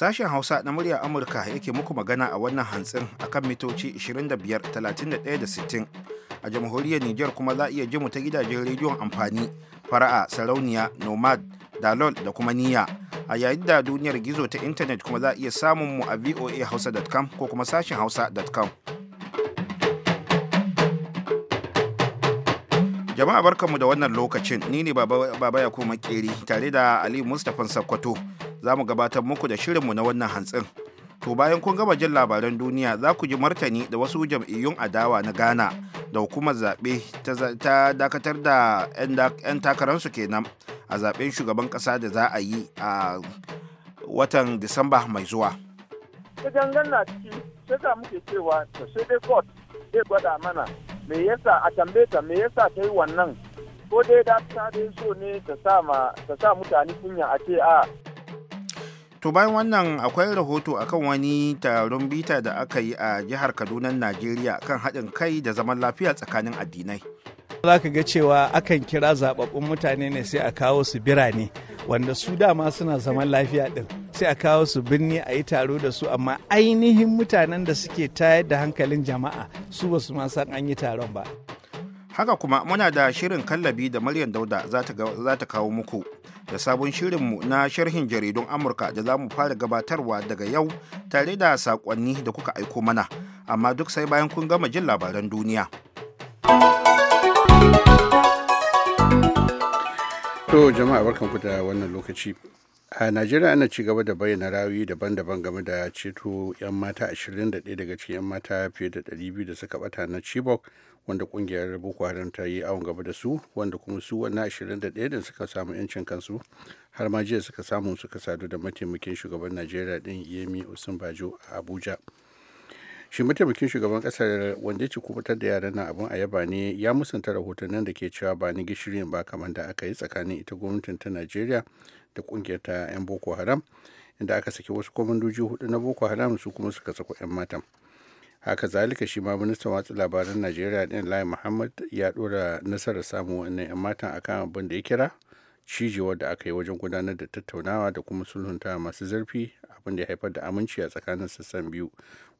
Sashen Hausa na murya Amurka yake muku magana a wannan hantsin akan mitoci 25, 31 da 60. A jamhuriyar Nijar kuma za a iya jimu ta gidajen rediyon amfani, fara'a, sarauniya, nomad, dalol da kuma niyya. A yayin da duniyar gizo ta intanet kuma za a iya samun mu a voahausa.com ko kuma sashen hausa.com. jama'a barkanmu da wannan lokacin ni ne baba, ya kuma keri tare da ali mustapha sakkwato za mu gabatar muku da shirinmu na wannan hantsin to bayan kun gama jin labaran duniya za ku ji martani da wasu jam'iyyun adawa na ghana da hukumar zaɓe ta dakatar da 'yan takararsu kenan a zaɓen shugaban ƙasa da za a yi a watan disamba mai zuwa ta gangan na ciki sai muke cewa ta sai dai court zai gwada mana me yasa a tambaye ta me yasa ta yi wannan ko dai da ta dai so ne ta sa mutane kunya a ce a to bayan wannan akwai rahoto akan wani taron bita da aka yi a jihar Kaduna Najeriya kan haɗin kai da zaman lafiya tsakanin addinai za ka ga cewa akan kira zababbun mutane ne sai a kawo su birane wanda su dama suna zaman lafiya ɗin? sai a kawo su birni a yi taro da su amma ainihin mutanen da suke tayar da hankalin jama'a su ba su ma san an yi taron ba haka kuma muna da shirin kallabi da maryam dauda za ta kawo muku da sabon shirinmu na sharhin jaridun amurka da za mu fara gabatarwa daga yau tare da saƙonni da kuka aiko mana amma duk sai bayan kun gama jin labaran duniya to jama'a barkanku da wannan lokaci a najeriya ana ci gaba da bayyana rawi daban-daban game da ceto 'yan mata 21 daga cikin 'yan mata fiye da 200 da suka bata na chibok wanda kungiyar boko haram ta yi awon gaba da su wanda kuma su wannan 21 da suka samu 'yancin kansu har ma jiya suka samu suka sadu da mataimakin shugaban najeriya din yemi osinbajo a abuja shi mataimakin shugaban kasar wanda ya ci kubutar da yaran nan abin ayaba ne ya musanta rahotannin da ke cewa ba ni gishirin ba kamar da aka yi tsakanin ita gwamnatin ta najeriya da kungiyar ta 'yan boko haram inda aka saki wasu kwamandoji hudu na boko haram su kuma suka sako 'yan matan haka zalika shi ma ministan watsa labaran najeriya din lai muhammad ya dora nasarar samun wannan 'yan matan akan abin da ya kira cijewar da aka yi wajen gudanar da tattaunawa da kuma sulhunta masu zurfi abin da ya haifar da aminci a tsakanin sassan biyu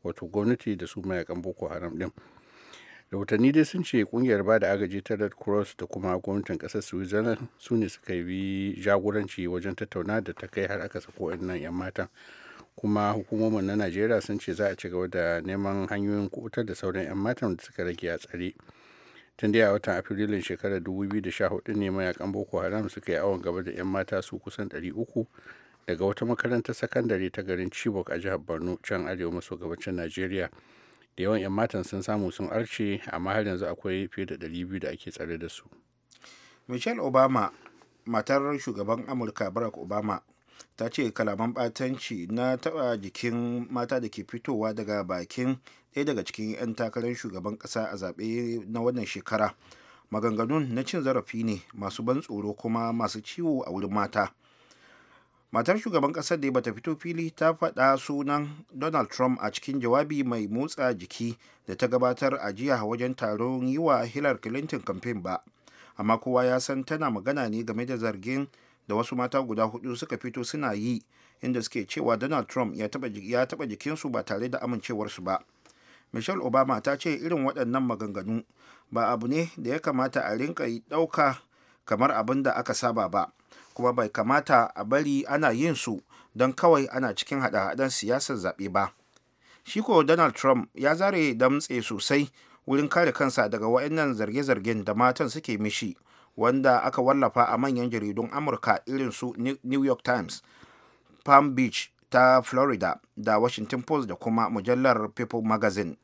wato gwamnati da su mayakan boko haram din rahotanni dai sun ce kungiyar ba da agaji ta red cross da kuma gwamnatin kasar switzerland su ne suka yi jagoranci wajen tattauna da ta kai har aka sako nan 'yan matan kuma hukumomin na najeriya sun ce za a ci gaba da neman hanyoyin kubutar da sauran 'yan matan da suka rage a tsare tun dai a watan afrilun shekarar 2014 ne mayakan boko haram suka yi awon gaba da 'yan mata su kusan 300 daga wata makarantar sakandare ta garin chibok a jihar borno can arewa maso gabacin najeriya yawan 'yan matan sun samu sun arce amma har yanzu akwai fiye da 200 da ake tsare da su michelle obama matar shugaban amurka barack obama ta ce kalaman batanci na taba jikin mata da ke fitowa daga bakin ɗaya daga cikin 'yan takarar shugaban ƙasa a zaɓe na wannan shekara maganganun na cin zarafi ne masu ban tsoro kuma masu ciwo a wurin mata matar shugaban kasar da ya bata fito fili ta faɗa sunan donald trump a cikin jawabi mai motsa jiki da ta gabatar a jiya wajen taron yi wa hillary clinton campaign ba amma kowa ya san tana magana ne game da zargin da wasu mata guda hudu suka fito suna yi inda suke cewa donald trump ya taba jikinsu ba tare da amincewarsu ba michelle obama ta ce irin waɗannan maganganu ba abu ne da ya kamata a rinka ɗauka kamar abin da aka saba ba kuma bai kamata a bari ana yin su don kawai ana cikin hada-hadan siyasar zaɓe ba shi ko donald trump ya zare damtse sosai wurin kare kansa daga waɗannan zarge-zargen da matan suke mishi wanda aka wallafa a manyan jaridun amurka irin su new york times palm beach ta florida da washington post da kuma mujallar people magazine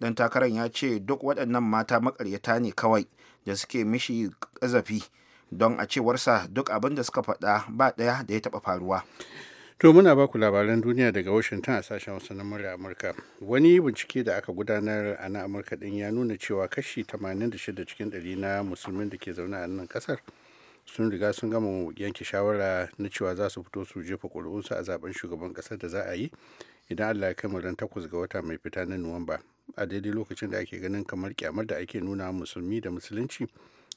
dan takarar ya ce duk waɗannan mata makaryata ne kawai da suke mishi ƙazafi don a cewarsa duk abin da suka faɗa ba ɗaya da ya taɓa faruwa. To muna baku labaran duniya daga Washington a sashen wasu na murya Amurka. Wani bincike da aka gudanar a nan Amurka din ya nuna cewa kashi 86 cikin ɗari na musulmin da ke zaune a nan kasar sun riga sun gama yanke shawara na cewa za su fito su jefa ƙuri'unsu a zaben shugaban kasar da za a yi idan Allah ya kai ran takwas ga wata mai fita na Nuwamba. A daidai lokacin da ake ganin kamar kyamar da ake nuna musulmi da musulunci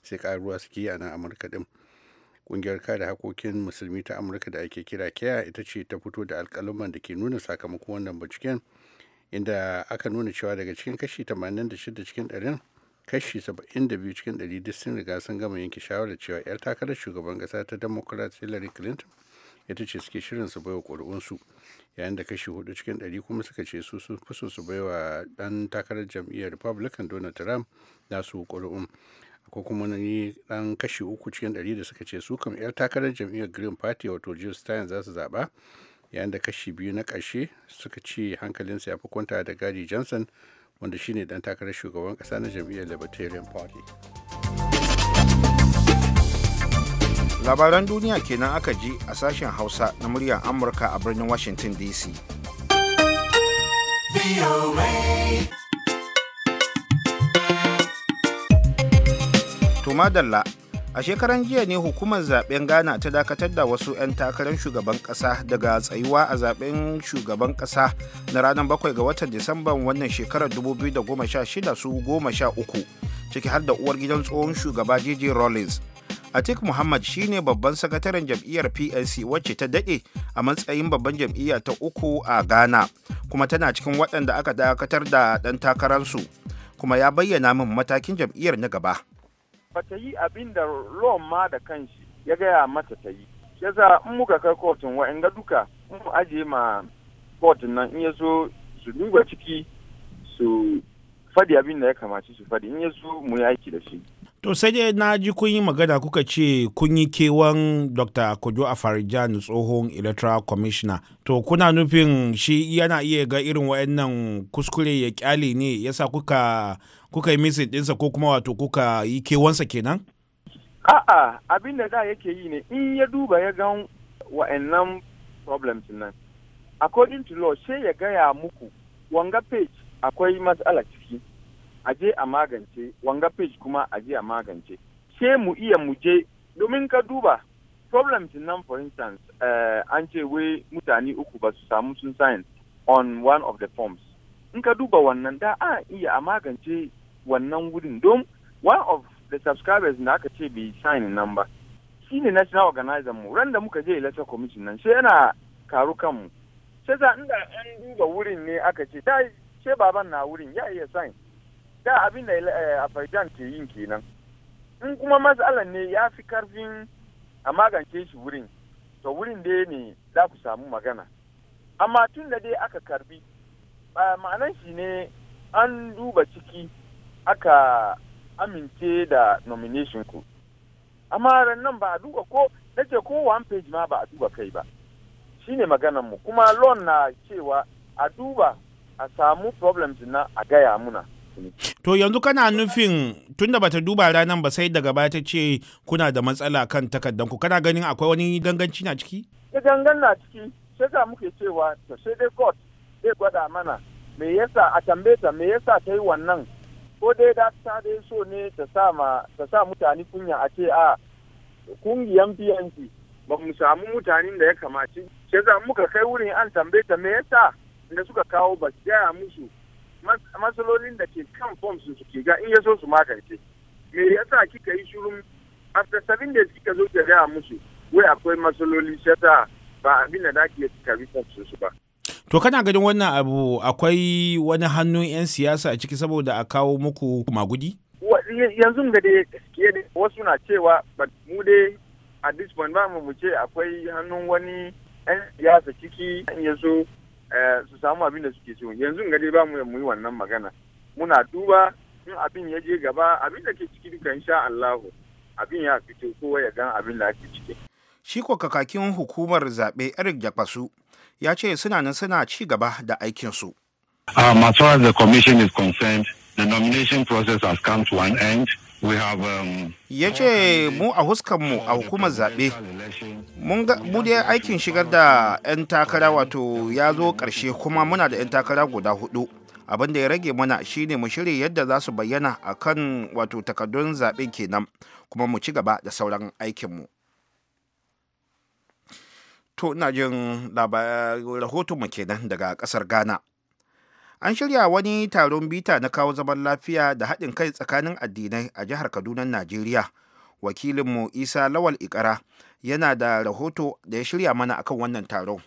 sai karuwa suke yi a nan amurka din kungiyar kare hakokin musulmi ta amurka da ake kira kea ita ce ta fito da alkaluman da ke nuna sakamakon wannan binciken inda aka nuna cewa daga cikin kashi 86 cikin 100 kashi 72 cikin 100 duk sun riga sun gama yanke shawarar cewa 'yar takarar shugaban kasa ta democrat hillary clinton ita ce suke shirin su baiwa ƙuri'unsu yayin da kashi 4 cikin 100 kuma suka ce su sun fi so su baiwa dan takarar jam'iyyar republican donald trump nasu ƙuri'un ko kuma ni dan kashi uku cikin ɗari da suka ce su kam 'yar takarar jam'iyyar green party wato jill stein za su zaɓa yayin da kashi biyu na ƙarshe suka ce hankalinsa ya fi kwanta da gadi johnson wanda shine dan takarar shugaban ƙasa na jam'iyyar libertarian party labaran duniya kenan aka ji a sashen hausa na muryar amurka a birnin washington dc kuma madalla, a shekaran jiya ne hukumar zaben Ghana ta dakatar da wasu 'yan takarar shugaban kasa daga tsayuwa a zaben shugaban kasa na ranar 7 ga watan Disamban wannan shekarar 2016 su 13 ciki har da uwar gidan tsohon shugaba JJ rollins Atik Muhammad shine babban sakataren jam'iyyar plc wacce ta daɗe a matsayin babban jam'iyya ta uku a Ghana kuma tana cikin waɗanda aka dakatar da ɗan takararsu kuma ya bayyana min matakin jam'iyyar na gaba. ba ta yi abin da ma da kanshi ya gaya mata ta yi yasa in muka kai kotun ga duka in mu ajiye ma kotun nan in ya zo su duba ciki su fadi abin da ya kamaci su fadi in ya zo mu yi aiki da shi to sai dai na ji kun yi magana kuka ce kun yi kewan dr kojo afarijan tsohon electoral commissioner to kuna nufin shi yana iya ga irin wa'annan kuskure ya kyale ne yasa kuka kuka yi misin ɗinsa ko kuma wato kuka yi kewansa kenan? A'a abin da da yake yi ne in ya duba ya gan wa'annan problems nan. According to law sai ya gaya muku wanga page akwai matsala ciki a je a magance wanga page kuma a je a magance. Sai mu iya mu je domin ka duba problems nan for instance uh, an ce wai mutane uku ba su samu sun sign on one of the forms. In ka duba wannan da a iya a magance wannan gudun don one of the subscribers da aka ce bai sign nan ba shi ne national organizer mu ran da muka je election commission nan sai yana karu kanmu sai za inda an duba wurin ne aka ce da ce baban na wurin ya iya sign da abin da eh, afajan ke yin kenan in kuma matsalan ne ya fi karfin a magance shi wurin to wurin da ne za ku samu magana amma tun da dai aka karbi ma'anan shi ne an duba ciki aka amince da nomination ku amma nan ba a duba ko nace ko one page ma ba a duba kai ba shine maganan mu kuma loan na cewa a duba a samu problems na a gaya muna To yanzu kana nufin tunda bata duba ranar ba sai daga baya ta ce kuna da matsala kan takardan ku kana ganin akwai wani ganganci na ciki? Ya gangan na ciki sai ga muke cewa to sai dai court zai gwada mana me yasa a tambaye me yasa ta yi wannan ko dai dakta dai so ne ta sa mutane kunya a ce a kungiyan PNC ba mu samu mutanen da ya kamaci sai za muka kai wurin an tambaye ta me yasa da suka kawo ba su gaya musu matsalolin da ke kan form su suke ga in ya so su magance me yasa kika yi shirin after seven days kika zo ki gaya musu wai akwai matsaloli sai ba abin da da ke karbi form su ba To kana ganin wannan abu akwai wani hannun 'yan siyasa a ciki saboda a kawo muku magudi? Yanzu da dai wasu na cewa mu dai a this ba mu ce akwai hannun wani 'yan siyasa ciki yanzu so eh, su samu abin da suke so yanzu ga dai ba mu yi wannan magana muna duba in abin ya je gaba abin da ke ciki duka insha Allahu abin ya fito kowa ya gan abin da ake ciki. Shi kwa kakakin hukumar zaɓe Eric Jakwasu ya ce suna nan suna ci gaba da aikinsu. Um, as the commission is concerned, the nomination process has come to an end. Um, ya ce mu a huskanmu a hukumar zaɓe mu dai aikin shigar da 'yan takara wato ya zo ƙarshe kuma muna da 'yan takara guda hudu abin da ya rage mana shine mu shirya yadda za su bayyana akan wato takardun zaɓe kenan kuma mu ci gaba da sauran aikinmu rahoto ina jin rahoton mu kenan daga kasar ghana an shirya wani taron bita na kawo zaman lafiya da haɗin kai tsakanin addinai a jihar kaduna najeriya wakilinmu isa lawal ikara yana da rahoto da ya shirya mana akan wannan taron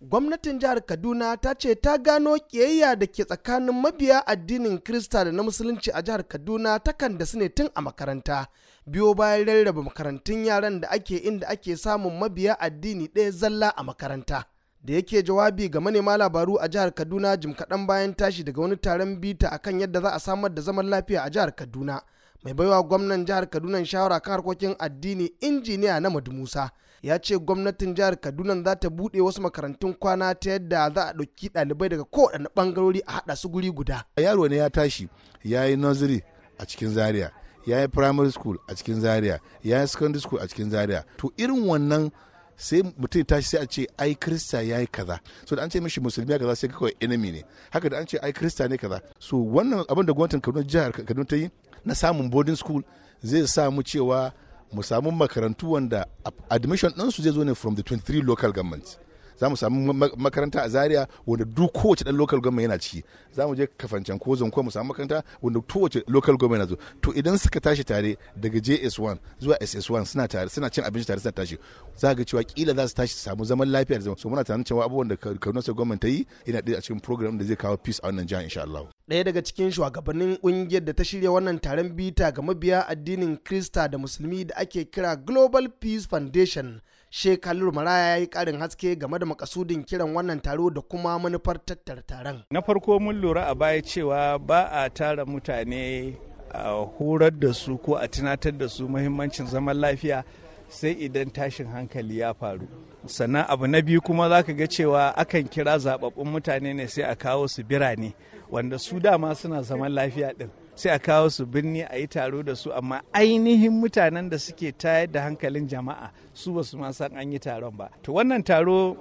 gwamnatin jihar kaduna ta ce ta gano kiyayya da ke tsakanin mabiya addinin krista da na musulunci a jihar kaduna takan da su ne tun a makaranta biyo bayan rarraba makarantun yaran da ake inda ake samun mabiya addini ɗaya zalla a makaranta da yake jawabi ga manema labaru a jihar kaduna jim kaɗan bayan tashi daga wani taron bita akan yadda za a samar da zaman lafiya a jihar kaduna mai baiwa gwamnan jihar kaduna shawara kan harkokin addini injiniya na madu musa ya ce gwamnatin jihar kaduna za ta buɗe wasu makarantun kwana ta yadda za a ɗauki ɗalibai daga kowane ɓangarori a haɗa su guri guda yaro ne ya tashi ya yi nursery a cikin zaria ya yi primary school a cikin zaria ya yi secondary school a cikin zaria to irin wannan sai mutum ya tashi sai a ce ai krista ya yi kaza so da an ce mishi musulmi ya kaza sai kawai enemy ne haka da an ce ai krista ne kaza so wannan abin da gwamnatin kaduna jihar kaduna ta yi na samun boarding school zai sa mu cewa mu samu makarantu wanda admission ɗinsu zai zo ne from the 23 local government za mu samu makaranta a zaria wanda duk kowace dan local government yana ciki za mu je kafancan ko zanko mu samu makaranta wanda kowace local government yana zo to idan suka tashi tare daga js1 zuwa ss1 suna tare suna cin abinci tare suna tashi za ga cewa kila za su tashi su samu zaman lafiya da zama so muna tunanin cewa abubuwan da kaduna state government ta yi yana ɗaya a cikin program da zai kawo peace a wannan jihar insha Allah daya daga cikin shugabannin kungiyar da ta shirya wannan taron bita ga mabiya addinin krista da musulmi da ake kira global peace foundation Shekaru Maraya ya yi ƙarin haske game da makasudin kiran wannan taro da kuma manufar tattara taron. Na farko mun lura a baya cewa ba a tara mutane a horar da su ko a tunatar da su muhimmancin zaman lafiya sai idan tashin hankali ya faru. Sannan abu na biyu kuma za ka ga cewa akan kira zababbun mutane ne sai a kawo su birane wanda su dama suna zaman lafiya ɗin. sai a kawo su birni a yi taro da su amma ainihin mutanen da suke tayar da hankalin jama'a su ba su ma san an yi taron ba to wannan taro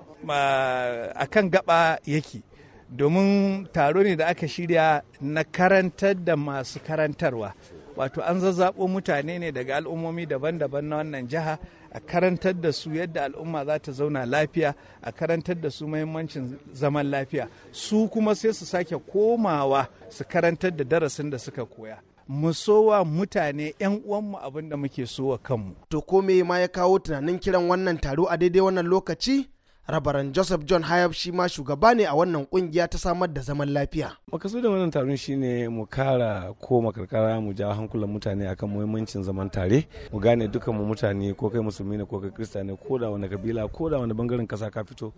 a kan gaba yake domin taro ne da aka shirya na karantar da masu karantarwa wato an zazzabo mutane ne daga al'ummomi daban-daban na wannan jiha a karantar da su yadda al'umma za ta zauna lafiya a karantar da su mahimmancin zaman lafiya su kuma sai su sake komawa su karantar da darasin da suka koya mu wa mutane 'yan uwanmu abin da muke so sowa kanmu. To ko me ma ya kawo tunanin kiran wannan taro a daidai wannan lokaci? rabaran joseph john hayab shi ma shugaba ne a wannan kungiya ta samar da zaman lafiya da wannan taron ne mu kara ko makarkara mu ja hankulan mutane akan muhimmancin zaman tare mu gane dukkan mu mutane ko kai musulmi ne ko kai krista ne ko da wani kabila ko da wani bangaren kasa ka fito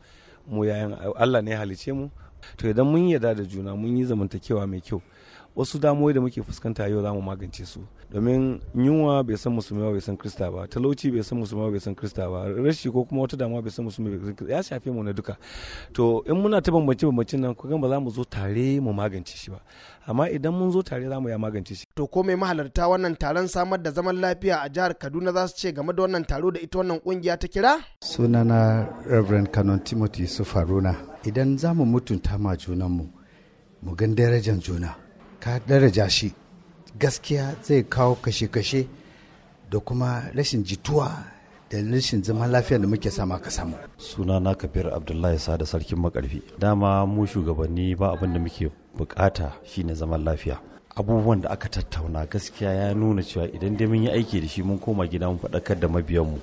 mu yayan allah ne halice mu to idan mun yarda da juna mun yi zamantakewa mai kyau wasu damuwai da muke fuskanta yau za mu magance su domin yunwa bai san musulmi bai san krista ba talauci bai san musulmi bai san krista ba rashi ko kuma wata damuwa bai san musulmi bai san krista ya shafe mu na duka to in muna ta bambance bambancin nan kuma ba za mu zo tare mu magance shi ba amma idan mun zo tare za mu ya magance shi to ko mai mahalarta wannan taron samar da zaman lafiya a jihar Kaduna za su ce game da wannan taro da ita wannan kungiya ta kira sunana Reverend Canon Timothy Sufaruna idan za mu mutunta ma junanmu mu gan darajar juna ka daraja shi gaskiya zai kawo kashe-kashe da kuma rashin jituwa da rashin zaman lafiya da muke sama ka samu. suna na Kabir Abdullahi Sada Sarkin Makarfi. Dama mu shugabanni ba abin da muke bukata shine zaman lafiya. Abubuwan da aka tattauna gaskiya ya nuna cewa idan dai mun yi aiki da shi mun koma gida mun faɗakar da mabiyanmu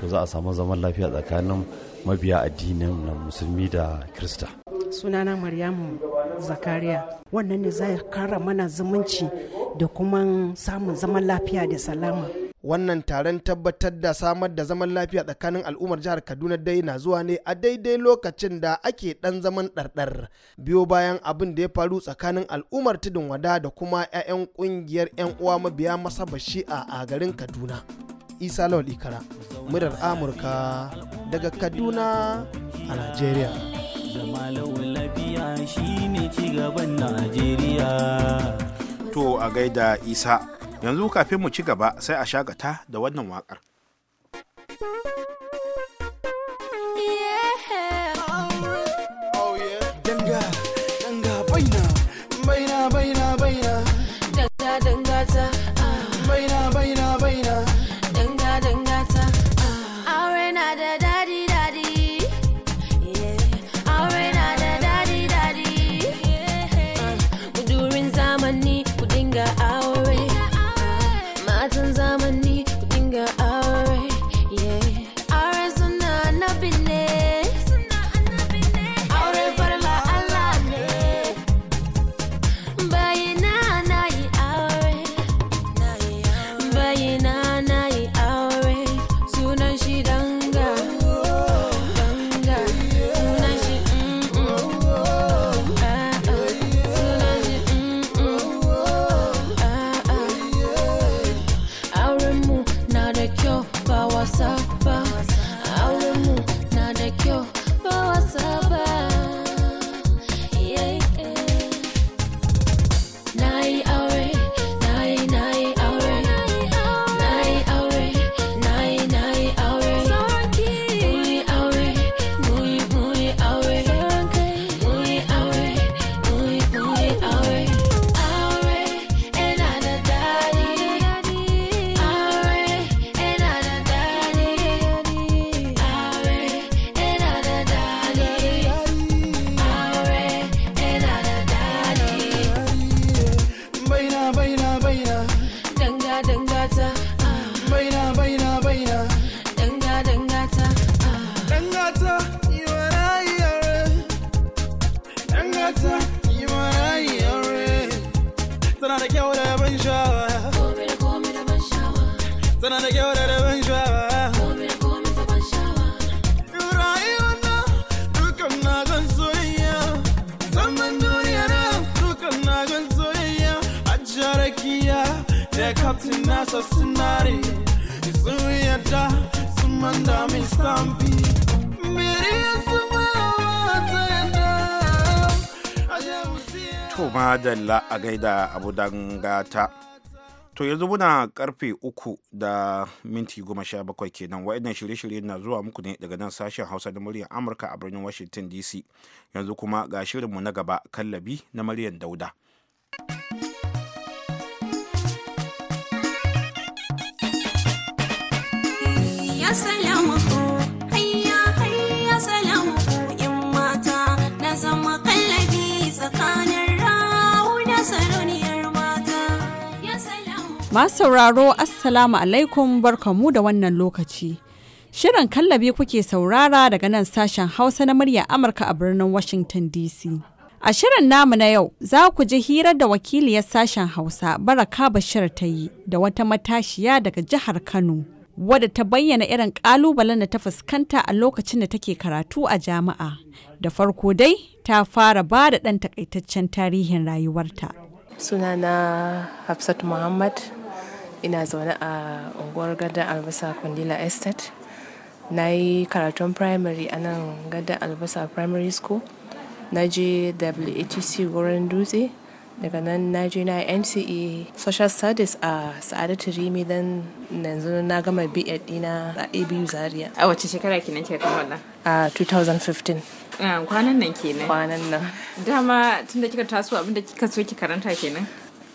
to za a samu zaman lafiya tsakanin mabiya addinin musulmi da Kirista. sunana maryamu zakariya wannan ne zai kara mana zumunci da kuma samun zaman lafiya da salama wannan taron tabbatar da samar da zaman lafiya tsakanin al'ummar jihar kaduna dai na zuwa ne a daidai lokacin da ake dan zaman ɗarɗar biyo bayan abin da ya faru tsakanin al'ummar tudun wada da kuma 'ya'yan ƙungiyar 'yan uwa mabiya masa bashi a garin kaduna isa lawal ikara murar amurka daga kaduna a nigeria Zama lafiya shine cigaban Najeriya. To a gaida Isa, yanzu kafin mu ci gaba sai a shagata da wannan waƙar. dozens of to madalla a gaida abu dangata to yanzu muna karfe uku da minti goma sha bakwai kenan wa'annan shirye-shirye na zuwa muku ne daga nan sashen hausa na muryar amurka a birnin washington dc yanzu kuma ga shirinmu na gaba kallabi na muryar dauda Yes, I am Masu sauraro Assalamu alaikum barkamu da wannan lokaci. Shirin kallabi kuke saurara daga nan sashen Hausa na murya Amurka a birnin Washington DC. A shirin namu na yau za ku ji hira da wakiliyar sashen Hausa Baraka Bashir ta yi da wata matashiya daga jihar Kano. wadda ta bayyana irin ƙalubalen da ta fuskanta a lokacin da take karatu a jama'a, Da farko dai ta fara ba da ɗan takaitaccen tarihin rayuwarta. Sunana Hafsat Muhammad ina zaune a unguwar gadon albasa Kundila Estate. Na yi karatun primary a nan gadon albasa primary school. Na je wurin dutse daga nan na je na mce social studies a sa'adatu rimi don yanzu na gama biyar dina a abu zaria a wace shekara kenan kika gama wannan a 2015 ah, kwanan nan kenan kwanan nan dama tun da kika taso abinda kika so ki karanta kenan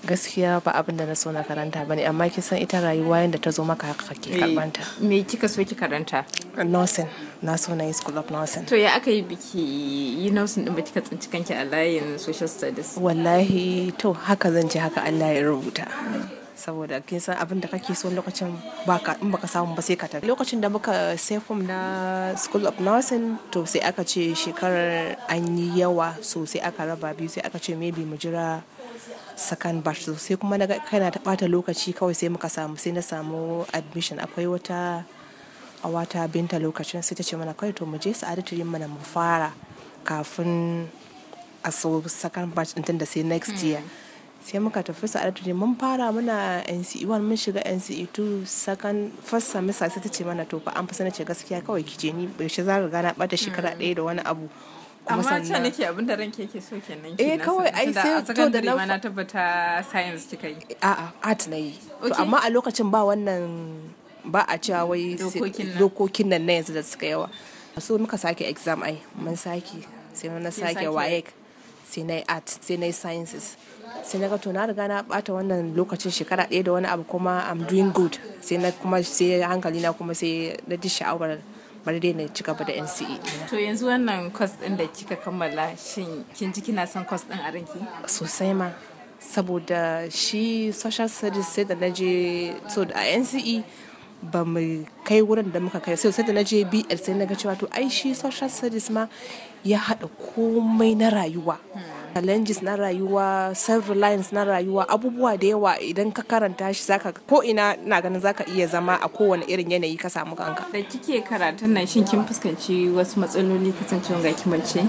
gaskiya ba abin da na so na karanta bane amma kin san ita rayuwa yadda ta zo maka haka kake eh, karbanta me kika so ki karanta nursing na so na yi school of nursing to ya aka yi biki yi nursing din ba kika tsinci kanki a layin social studies wallahi to haka zan ji haka Allah ya rubuta saboda kin san abin da kake so lokacin baka in baka samu ba sai ka tafi lokacin da muka sai na school of nursing to sai aka ce shekarar an yi yawa so sai aka raba biyu sai aka ce maybe mu jira second batch so sai kuma na kana ta bata lokaci kawai sai muka samu sai na samu admission akwai wata a wata binta lokacin sai ta ce mana kai to mu je sa'adatu yin mana mu fara kafin a so second batch din da sai next year mm. sai muka tafi a dai mun fara muna NCE 1 mun shiga NCE 2 second first semester sai ta ce mana to fa an fi ce gaskiya kawai kije ni ba shi za riga na bata shekara ɗaya da wani abu amma can nake abin da ranke yake so kenan eh kawai ai sai to da na tabbata science kika yi a'a art na yi to amma a lokacin ba wannan ba a cewa wai dokokin nan na yanzu da suka yawa so muka sake exam ai mun sake sai na sake waec sai na art sai na sciences sai na to na riga na bata wannan lokacin shekara ɗaya da wani abu kuma I'm doing good sai na kuma sai hankali na kuma sai na ji sha'awar bari dai na ci gaba da NCE. To yanzu wannan kwas ɗin da kika kammala shin kin ji kina son kwas ɗin a ranki? Sosai ma. Saboda shi social studies sai da na je so a NCE ba mu kai wurin da muka kai sai da na je BL sai na ga cewa to ai shi social studies ma ya haɗa komai na rayuwa. Hmm. challenges na rayuwa self reliance na rayuwa abubuwa da yawa idan ka karanta shi zaka ko ina na ganin zaka iya zama a kowane irin yanayi ka samu kanka da kike karatun nan shin kin fuskanci wasu matsaloli kasancewa ga kimance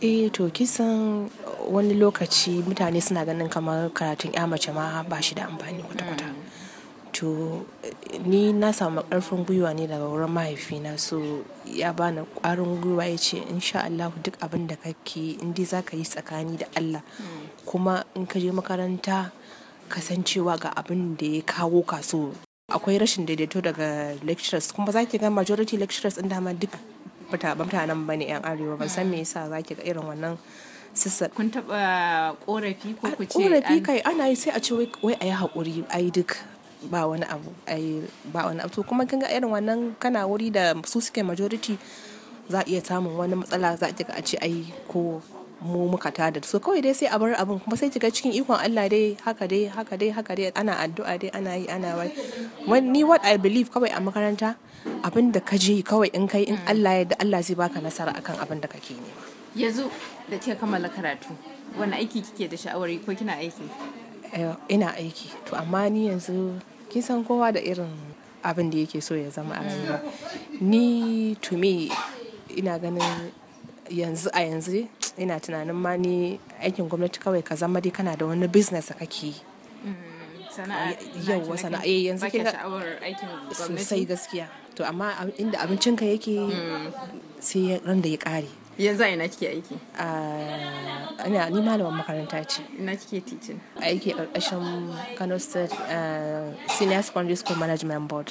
eh to kisan wani lokaci mutane suna ganin kamar karatun ya mace ma ba shi da amfani kwata-kwata to ni na samu ƙarfin gwiwa ne daga wurin mahaifina so ya bani ƙwarin gwiwa ya ce in sha duk abin da kake indi in dai za ka yi tsakani da Allah kuma in ka je makaranta kasancewa ga abin da ya kawo ka so akwai rashin daidaito daga lecturers kuma za ki ga majority lecturers in dama duk mutanen ba ne 'yan arewa ban san me yasa za ki ga irin wannan sassa kun taba korafi ko ku ce korafi kai ana yi sai a ce wai a yi haƙuri ai duk ba wani abu ai ba wani abu to kuma kin ga irin wannan kana wuri da su suke majority za a iya samun wani matsala za a ga a ce ai ko mu muka tada so kawai dai sai a bar abun kuma sai kiga cikin ikon Allah dai haka dai haka dai haka dai ana addu'a dai ana yi ana wai ni what i believe kawai a makaranta abin da ka je kawai in kai in Allah ya da Allah zai baka nasara akan abin da kake nema yanzu da kika kammala karatu wani aiki kike da sha'awar ko kina aiki eh, ina aiki to amma ni yanzu kisan kowa da irin abin da yake so ya zama a rayuwa ni to me ina ganin yanzu a yanzu ina tunanin ma ni aikin gwamnati kawai ka zama dai kana da wani business da kake yi mm, yauwa sana'a eh, yanzu ke sosai gaskiya to amma inda abincinka yake mm. sai ran da ya kare yanzu a ina kike aiki ina ni malaman makaranta ce ina kike teaching aiki karkashin Kano State eh, Senior Secondary School Management Board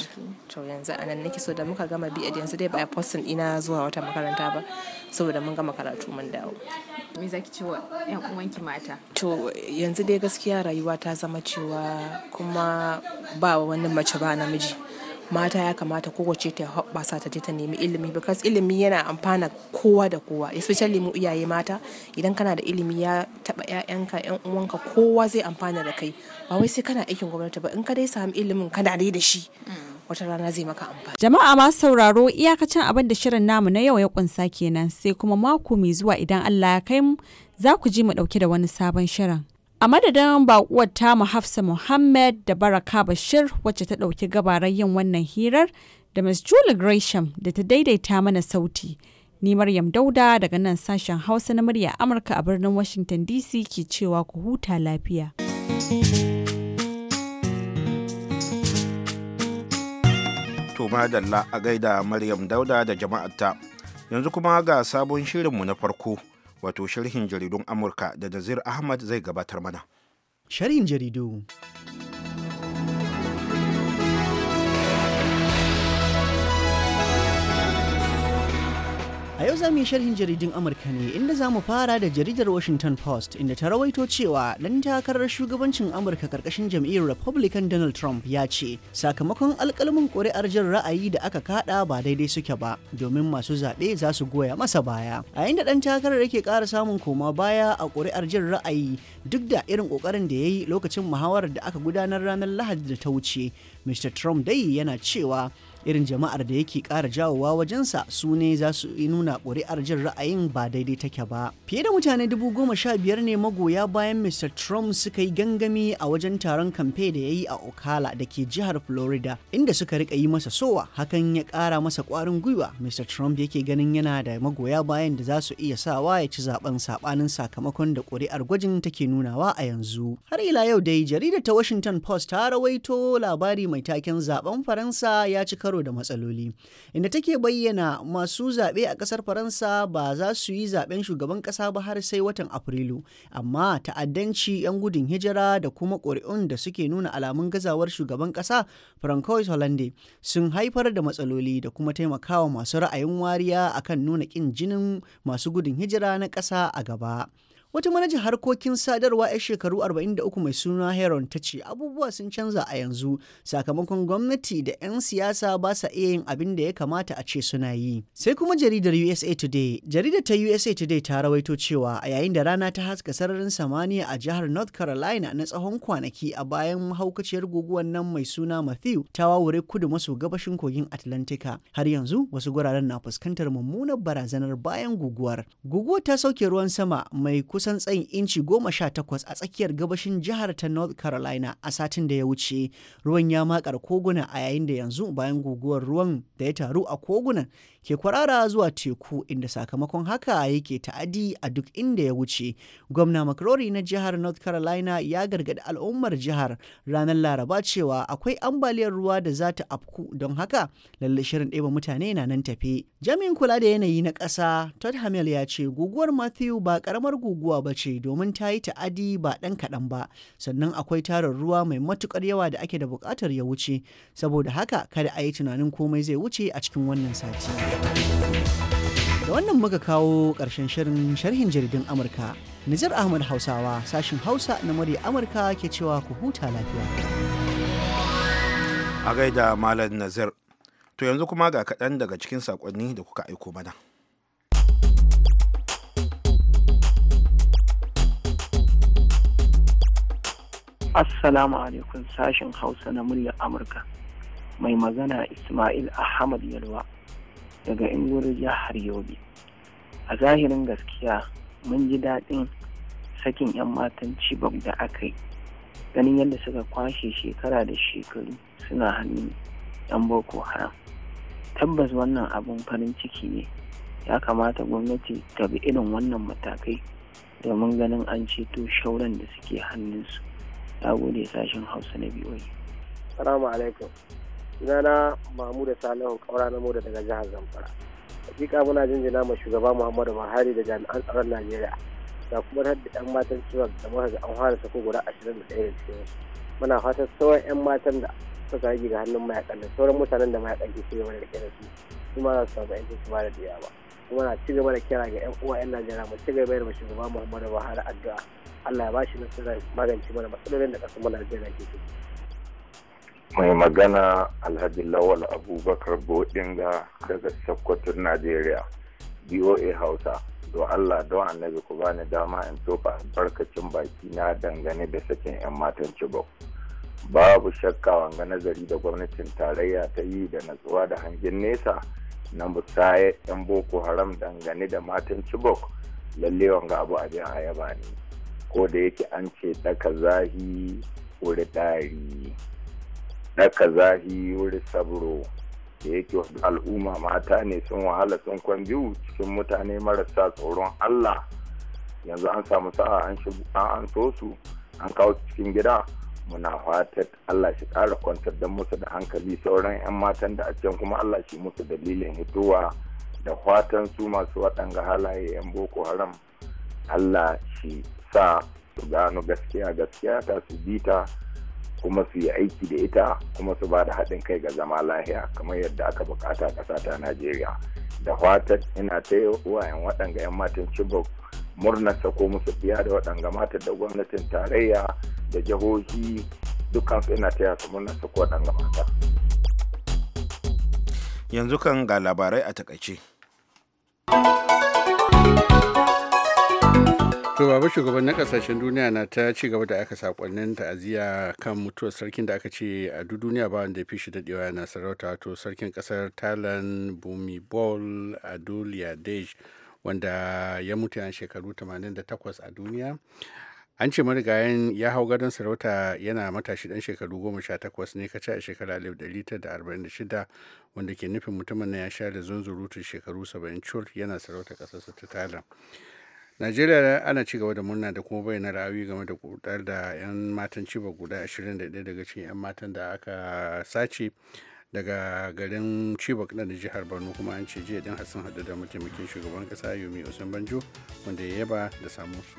to yanzu a nan nake so da muka gama bi yanzu dai ba a postin ina zuwa wata makaranta ba saboda mun gama karatu mun dawo me zaki ce wa yan uwanki mata to yanzu dai gaskiya rayuwa ta zama cewa kuma ba wani mace ba namiji mata ya kamata kowace ta hoɓɓasa ta je ta nemi ilimi because ilimi yana amfana kowa da kowa especially mu iyaye mata idan kana da ilimi ya taɓa 'ya'yanka 'yan uwanka kowa zai amfana da kai ba wai sai kana aikin gwamnati ba in ka dai samu ilimin kana dai da shi mm. wata rana zai maka amfani. Jama'a masu sauraro iyakacin abin da shirin namu na yau ya kunsa kenan sai kuma mako mai zuwa idan Allah ya kai mu za ku ji mu ɗauke da wani sabon shirin. A madadin bakuwar tamu Hafsa Muhammad da Baraka Bashir wacce ta ɗauki gabarar yin wannan hirar da Ms. Julie Gresham da ta daidaita mana sauti. Ni Maryam Dauda daga nan sashen Hausa na murya Amurka a birnin Washington DC ke cewa ku huta lafiya. To madalla a gaida Maryam Dauda da jama'ata Yanzu kuma ga sabon shirinmu na farko. wato sharhin jaridun amurka da nazir ahmad zai gabatar mana sharhin jaridu A yau za mu yi sharhin jaridun Amurka ne inda za mu fara da jaridar Washington Post inda ta rawaito cewa ɗan takarar shugabancin Amurka karkashin jam'iyyar Republican Donald Trump ya ce sakamakon alkalmin ƙuri'ar jin ra'ayi da aka kada ba daidai suke ba domin masu zaɓe za su goya masa baya. A inda ɗan takarar yake ƙara samun koma baya a ƙuri'ar jin ra'ayi duk da irin ƙoƙarin da ya yi lokacin muhawarar da aka gudanar ranar Lahadi da ta wuce. Mr. Trump dai yana cewa irin jama'ar da yake ƙara jawowa wajensa su ne za su nuna ƙuri'ar jin ra'ayin ba daidai take ba fiye da mutane dubu goma sha biyar ne magoya bayan mr trump suka yi gangami a wajen taron kamfe da ya yi a okala da ke jihar florida inda suka rika yi masa sowa hakan ya ƙara masa ƙwarin gwiwa mr trump yake ganin yana da magoya bayan da za su iya sawa ya ci zaben sabanin sakamakon da ƙuri'ar gwajin take nunawa a yanzu har ila yau dai jaridar ta washington post ta rawaito labari mai taken zaben faransa ya ci karo karo da matsaloli inda take bayyana masu zaɓe a ƙasar faransa ba za su yi zaɓen shugaban ƙasa ba har sai watan afrilu amma ta'addanci 'yan gudun hijira da kuma ƙuri'un da suke nuna alamun gazawar shugaban ƙasa francois hollande sun haifar da matsaloli da kuma taimakawa masu ra'ayin wariya akan nuna ƙin jinin masu gudun hijira na ƙasa a gaba. Wata manajan harkokin sadarwa 'yar shekaru 43 mai suna Heron ta ce abubuwa sun canza a yanzu sakamakon gwamnati da 'yan siyasa ba sa iya yin abin da ya kamata a ce suna yi. Sai kuma jaridar USA Today. Jaridar ta USA Today ta rawaito cewa a yayin da rana ta haska sararin samaniya a jihar North Carolina na tsawon kwanaki a bayan haukaciyar guguwar nan mai suna Matthew ta wawure kudu maso gabashin kogin Atlantika. Har yanzu wasu guraren na fuskantar mummunar barazanar bayan guguwar. Guguwar ta sauke ruwan sama mai kusa kusan tsayin inci goma sha takwas a tsakiyar gabashin jihar ta North Carolina a satin da ya wuce. Ruwan ya makar koguna a yayin da yanzu bayan guguwar ruwan da ya taru a kogunan ke kwarara zuwa teku inda sakamakon haka yake ta'adi a duk inda ya wuce. Gwamna Makarori na jihar North Carolina ya gargaɗi al'ummar jihar ranar Laraba cewa akwai ambaliyar ruwa da za ta afku don haka lalle shirin ɗeba mutane na nan tafe. Jami'in kula da yanayi na ƙasa Todd Hamill ya ce guguwar Matthew ba karamar guguwa ba ce domin ta yi ta'adi ba ɗan kaɗan ba sannan akwai tarin ruwa mai matuƙar yawa da ake da buƙatar ya wuce saboda haka kada a yi tunanin komai zai wuce a cikin wannan sati. Da wannan muka kawo ƙarshen shirin sharhin jaridun Amurka. Nijar Ahmad Hausawa sashin Hausa na murya Amurka ke cewa ku huta lafiya. A gaida Malam Nazir. To yanzu kuma ga kaɗan daga cikin saƙonni da kuka aiko mana. Assalamu alaikum sashin Hausa na murya Amurka. Mai magana Ismail Ahmad Yalwa daga ingoro jihar yobe a zahirin gaskiya mun ji daɗin sakin 'yan matan cibok da aka yi ganin yadda suka kwashe shekara da shekaru suna hannu 'yan boko haram tabbas wannan abin farin ciki ne ya kamata gwamnati ta bi irin wannan matakai domin ganin an ceto shauran da suke hannunsu ya gode sashen hausa na biyu salamu alaikum sunana mahmuda salihu kaura na moda daga jihar zamfara hakika muna jinjina ma shugaba muhammadu buhari da jami'an tsaron najeriya da kuma da yan matan ciwon da muka ga an fara sako guda ashirin da ɗaya da cikin muna fatan sauran yan matan da suka rage ga hannun mayakan da sauran mutanen da mayakan ke cigaba da kira su su ma za su samu yanci su ba da diya ba kuma na cigaba da kira ga yan uwa yan najeriya mu cigaba da shugaba muhammadu buhari addu'a allah ya ba shi nasara magance mana matsalolin da kasan mu najeriya ke ciki mai magana alhaji lawal abubakar bodinga daga sokoton najeriya boa hausa do allah don annabi ku bani dama in tofa albarkacin baki na dangane da sakin 'yan matan cibok babu shakka wanga nazari da gwamnatin tarayya ta yi da natsuwa da hangen nesa na musayar 'yan boko haram dangane da matan cibok lalle wanga abu abin ayaba ne ko da yake an ce daka zahi wuri na kazahi wuri sabro da yake wasu al'umma mata ne sun wahala sun kwan biyu cikin mutane marasa tsoron allah yanzu an samu sa'a an an so su an kawo su cikin gida muna fatar allah shi ƙara kwantar da musu da hankali sauran 'yan matan da a can kuma allah shi musu dalilin hitowa da fatan su masu waɗanga halaye 'yan boko haram allah shi sa su gano gaskiya gaskiya ta su bita kuma su yi aiki da ita kuma su ba da haɗin kai ga zama lahiya kamar yadda aka bukata ƙasa ta najeriya da fatan ina ta yi wayan waɗanga 'yan matan chibok murnar sako musu fiya da waɗanga matan da gwamnatin tarayya da jihohi su ina taya su murnar sako waɗanga mata yanzu kan ga labarai a takaice. to baba na kasashen duniya na ta ci gaba da aka sakonnin ta'aziyya kan mutuwar sarkin da aka ce a duk duniya ba wanda fi shi dadewa yana sarauta to sarkin kasar bumi bumibol adul yadej wanda ya mutu yan shekaru 88 a duniya an ce marigayen ya hau gadon sarauta yana matashi dan shekaru goma sha takwas ne kaca a shekara alif wanda ke nufin mutumin na ya sha da zunzurutun shekaru saba'in cur yana sarauta kasarsa ta talan najeriya ana ci gaba da murna da kuma bayyana ra'ayi game da kudar da 'yan matan ciba guda 21 daga cikin 'yan matan da aka sace daga garin ciba na jihar borno kuma an ce jiya din hassan hadu da mataimakin shugaban kasa yomi osun banjo wanda ya yaba da samun su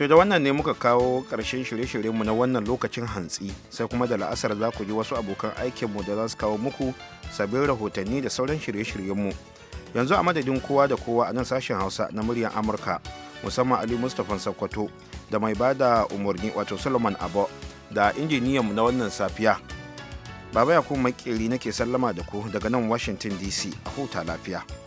to da wannan ne muka kawo karshen shirye mu na wannan lokacin hantsi sai kuma da la'asar za ku ji wasu abokan aikinmu da za su kawo muku sabbin rahotanni da sauran shirye-shiryenmu yanzu a madadin kowa da kowa a nan sashen hausa na muryar amurka musamman ali mustapha sakwato da mai ba da umarni wato solomon abo da injiniyan na wannan safiya baba ya kuma makeri nake sallama da ku daga nan washington dc a huta lafiya